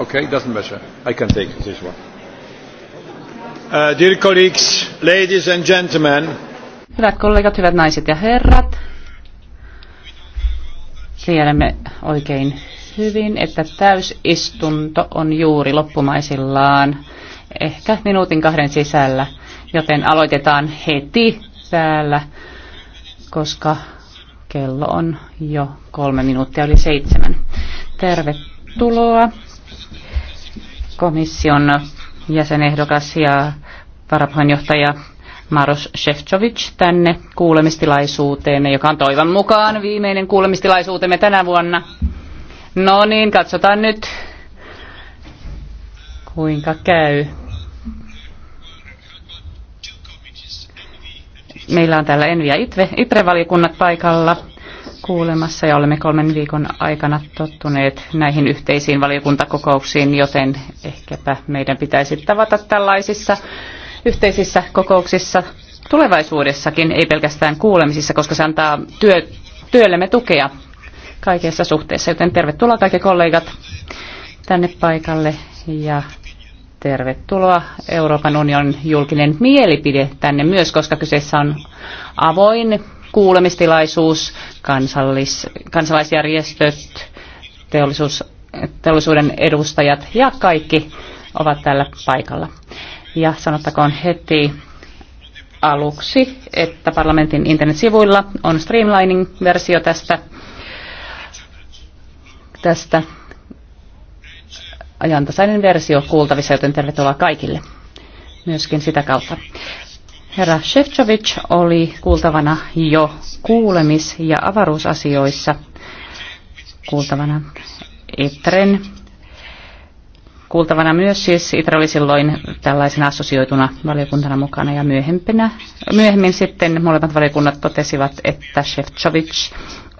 Okay, doesn't matter. I can take this one. Uh, dear colleagues, ladies and gentlemen. Hyvät kollegat, hyvät naiset ja herrat. Tiedämme oikein hyvin, että täysistunto on juuri loppumaisillaan, ehkä minuutin kahden sisällä, joten aloitetaan heti täällä, koska kello on jo kolme minuuttia yli seitsemän. Tervetuloa komission jäsenehdokas ja varapuheenjohtaja Maros Shevchovic tänne kuulemistilaisuuteen, joka on toivon mukaan viimeinen kuulemistilaisuutemme tänä vuonna. No niin, katsotaan nyt, kuinka käy. Meillä on täällä Envi ja Itre-valiokunnat paikalla kuulemassa ja olemme kolmen viikon aikana tottuneet näihin yhteisiin valiokuntakokouksiin, joten ehkäpä meidän pitäisi tavata tällaisissa yhteisissä kokouksissa tulevaisuudessakin, ei pelkästään kuulemisissa, koska se antaa työ, työllemme tukea kaikessa suhteessa. Joten tervetuloa kaikki kollegat tänne paikalle ja tervetuloa Euroopan unionin julkinen mielipide tänne myös, koska kyseessä on avoin kuulemistilaisuus, kansallis, kansalaisjärjestöt, teollisuus, teollisuuden edustajat ja kaikki ovat täällä paikalla. Ja sanottakoon heti aluksi, että parlamentin internetsivuilla on streamlining-versio tästä, tästä ajantasainen versio kuultavissa, joten tervetuloa kaikille myöskin sitä kautta. Herra Shevchovic oli kuultavana jo kuulemis- ja avaruusasioissa kuultavana Itren kuultavana myös siis Itre oli silloin tällaisena assosioituna valiokuntana mukana ja myöhempinä, myöhemmin sitten molemmat valiokunnat totesivat, että Shevchovic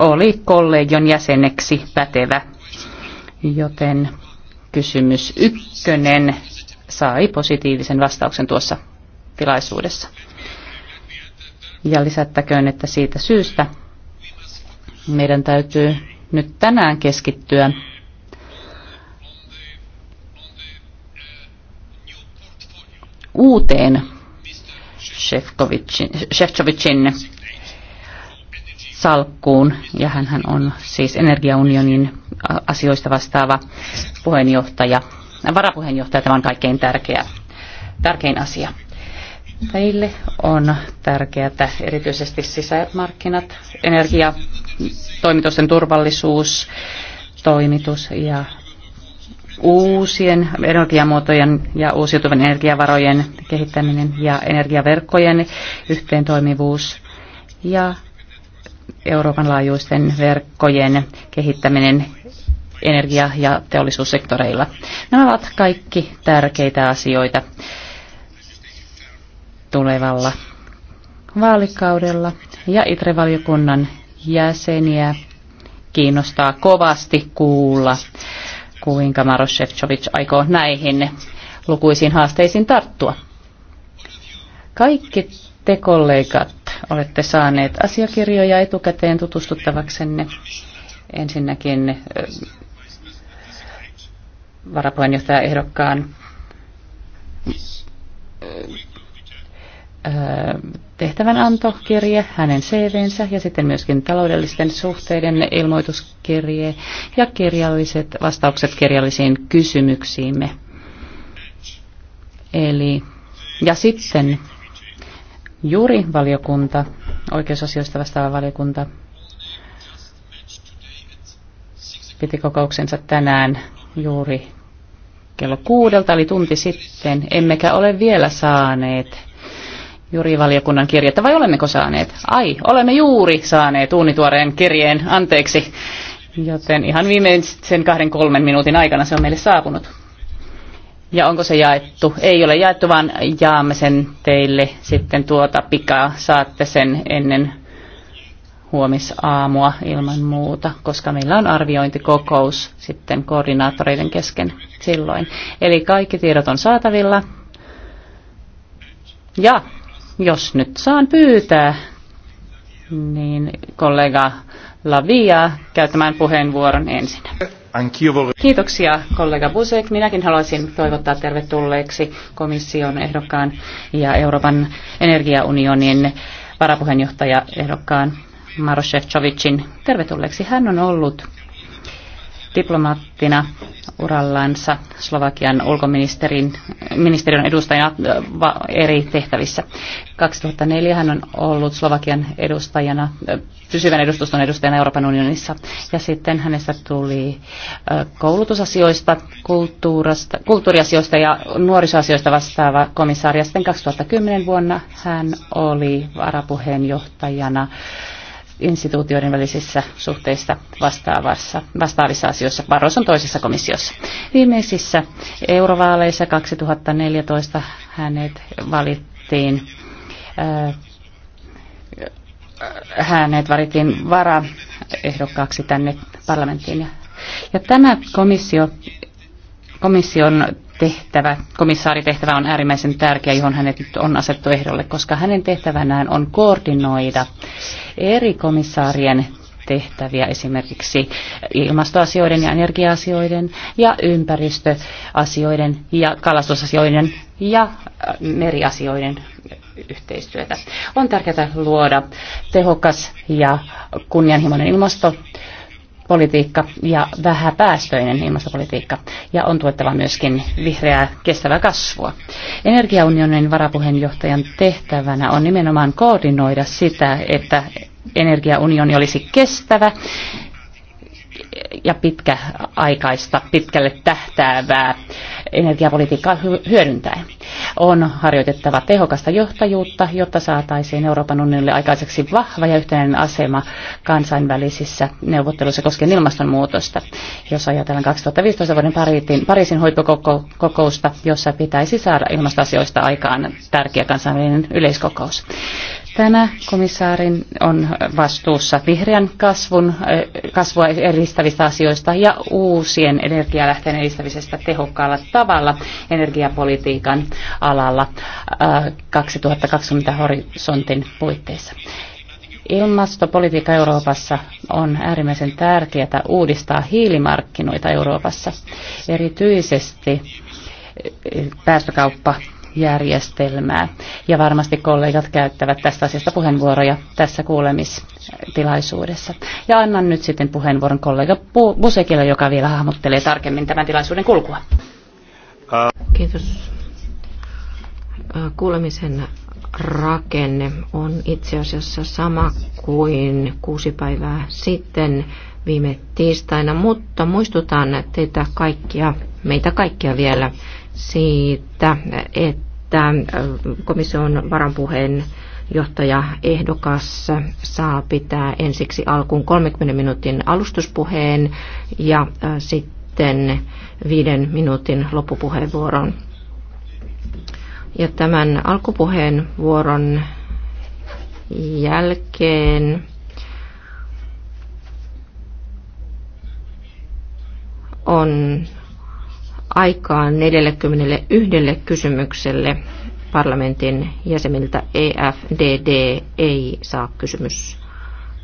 oli kollegion jäseneksi pätevä, joten kysymys ykkönen sai positiivisen vastauksen tuossa tilaisuudessa. Ja lisättäköön, että siitä syystä meidän täytyy nyt tänään keskittyä uuteen Shevchovicin salkkuun, ja hän on siis energiaunionin asioista vastaava puheenjohtaja, varapuheenjohtaja, tämä on kaikkein tärkeä, tärkein asia. Meille on tärkeää erityisesti sisämarkkinat, energia, toimitusten turvallisuus, toimitus ja uusien energiamuotojen ja uusiutuvan energiavarojen kehittäminen ja energiaverkkojen toimivuus ja Euroopan laajuisten verkkojen kehittäminen energia- ja teollisuussektoreilla. Nämä ovat kaikki tärkeitä asioita tulevalla vaalikaudella ja ITRE-valiokunnan jäseniä kiinnostaa kovasti kuulla, kuinka Maros Shevchovic aikoo näihin lukuisiin haasteisiin tarttua. Kaikki te kollegat olette saaneet asiakirjoja etukäteen tutustuttavaksenne. Ensinnäkin varapuheenjohtaja ehdokkaan tehtävänantokirje, hänen CVnsä ja sitten myöskin taloudellisten suhteiden ilmoituskirje ja kirjalliset vastaukset kirjallisiin kysymyksiimme. Eli, ja sitten juuri valiokunta, oikeusasioista vastaava valiokunta, piti kokouksensa tänään juuri kello kuudelta, eli tunti sitten, emmekä ole vielä saaneet jurivaliokunnan kirjettä vai olemmeko saaneet? Ai, olemme juuri saaneet uunituoreen kirjeen, anteeksi. Joten ihan viimeisen kahden kolmen minuutin aikana se on meille saapunut. Ja onko se jaettu? Ei ole jaettu, vaan jaamme sen teille sitten tuota pikaa. Saatte sen ennen huomisaamua ilman muuta, koska meillä on arviointikokous sitten koordinaattoreiden kesken silloin. Eli kaikki tiedot on saatavilla. Ja jos nyt saan pyytää, niin kollega Lavia käyttämään puheenvuoron ensin. Kiitoksia kollega Busek. Minäkin haluaisin toivottaa tervetulleeksi komission ehdokkaan ja Euroopan energiaunionin varapuheenjohtaja ehdokkaan Maro tervetulleeksi. Hän on ollut diplomaattina urallansa Slovakian ulkoministerin ministeriön edustajana äh, eri tehtävissä. 2004 hän on ollut Slovakian edustajana, äh, pysyvän edustuston edustajana Euroopan unionissa. Ja sitten hänestä tuli äh, koulutusasioista, kulttuuriasioista ja nuorisoasioista vastaava komissaari. Ja sitten 2010 vuonna hän oli varapuheenjohtajana instituutioiden välisissä suhteissa vastaavassa, vastaavissa asioissa on toisessa komissiossa. Viimeisissä eurovaaleissa 2014 hänet valittiin äh, hänet valittiin varaehdokkaaksi tänne parlamenttiin. Ja tämä komissio, komission tehtävä, komissaaritehtävä on äärimmäisen tärkeä, johon hänet nyt on asettu ehdolle, koska hänen tehtävänään on koordinoida eri komissaarien tehtäviä esimerkiksi ilmastoasioiden ja energiaasioiden ja ympäristöasioiden ja kalastusasioiden ja äh, meriasioiden yhteistyötä. On tärkeää luoda tehokas ja kunnianhimoinen ilmasto politiikka ja vähäpäästöinen ilmastopolitiikka ja on tuettava myöskin vihreää kestävää kasvua. Energiaunionin varapuheenjohtajan tehtävänä on nimenomaan koordinoida sitä, että energiaunioni olisi kestävä ja pitkäaikaista, pitkälle tähtäävää energiapolitiikkaa hyödyntäen. On harjoitettava tehokasta johtajuutta, jotta saataisiin Euroopan unionille aikaiseksi vahva ja yhtenäinen asema kansainvälisissä neuvotteluissa koskien ilmastonmuutosta. Jos ajatellaan 2015 vuoden Pariitin, Pariisin hoitokokousta, jossa pitäisi saada ilmastoasioista aikaan tärkeä kansainvälinen yleiskokous. Tänä komissaarin on vastuussa vihreän kasvun, eh, kasvua edistävistä asioista ja uusien energialähteen edistämisestä tehokkaalla tavalla energiapolitiikan alalla 2020 eh, horisontin puitteissa. Ilmastopolitiikka Euroopassa on äärimmäisen tärkeää uudistaa hiilimarkkinoita Euroopassa, erityisesti eh, päästökauppa järjestelmää. Ja varmasti kollegat käyttävät tästä asiasta puheenvuoroja tässä kuulemistilaisuudessa. Ja annan nyt sitten puheenvuoron kollega Busekille, joka vielä hahmottelee tarkemmin tämän tilaisuuden kulkua. Kiitos. Kuulemisen rakenne on itse asiassa sama kuin kuusi päivää sitten viime tiistaina, mutta muistutan teitä kaikkia, meitä kaikkia vielä siitä, että äh, komission varanpuheen johtaja ehdokas saa pitää ensiksi alkuun 30 minuutin alustuspuheen ja äh, sitten viiden minuutin loppupuheenvuoron. Ja tämän alkupuheen vuoron jälkeen on aikaan 41 kysymykselle parlamentin jäseniltä EFDD ei saa kysymys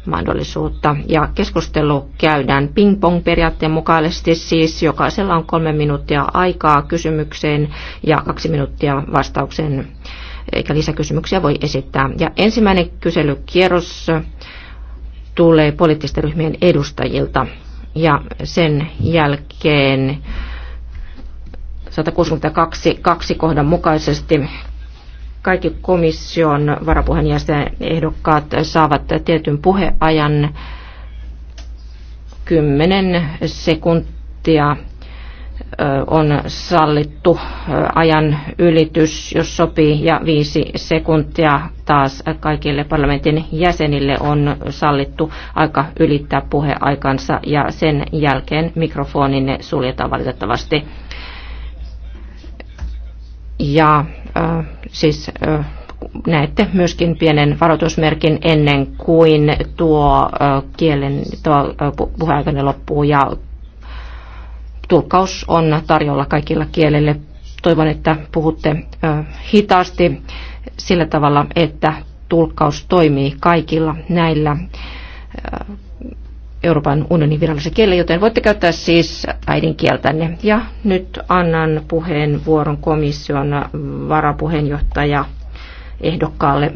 mahdollisuutta. Ja keskustelu käydään ping-pong-periaatteen mukaisesti, siis jokaisella on kolme minuuttia aikaa kysymykseen ja kaksi minuuttia vastaukseen, eikä lisäkysymyksiä voi esittää. Ja ensimmäinen kyselykierros tulee poliittisten ryhmien edustajilta ja sen jälkeen 162 kaksi kohdan mukaisesti kaikki komission ehdokkaat saavat tietyn puheajan 10 sekuntia on sallittu ajan ylitys, jos sopii, ja viisi sekuntia taas kaikille parlamentin jäsenille on sallittu aika ylittää puheaikansa, ja sen jälkeen mikrofoninne suljetaan valitettavasti ja äh, siis äh, näette myöskin pienen varoitusmerkin ennen kuin tuo äh, kielen tuo, äh, puheaikani loppuu ja tulkkaus on tarjolla kaikilla kielille. Toivon, että puhutte äh, hitaasti sillä tavalla, että tulkkaus toimii kaikilla näillä äh, Euroopan unionin virallisen kielellä, joten voitte käyttää siis äidinkieltänne. Ja nyt annan puheenvuoron komission varapuheenjohtaja ehdokkaalle.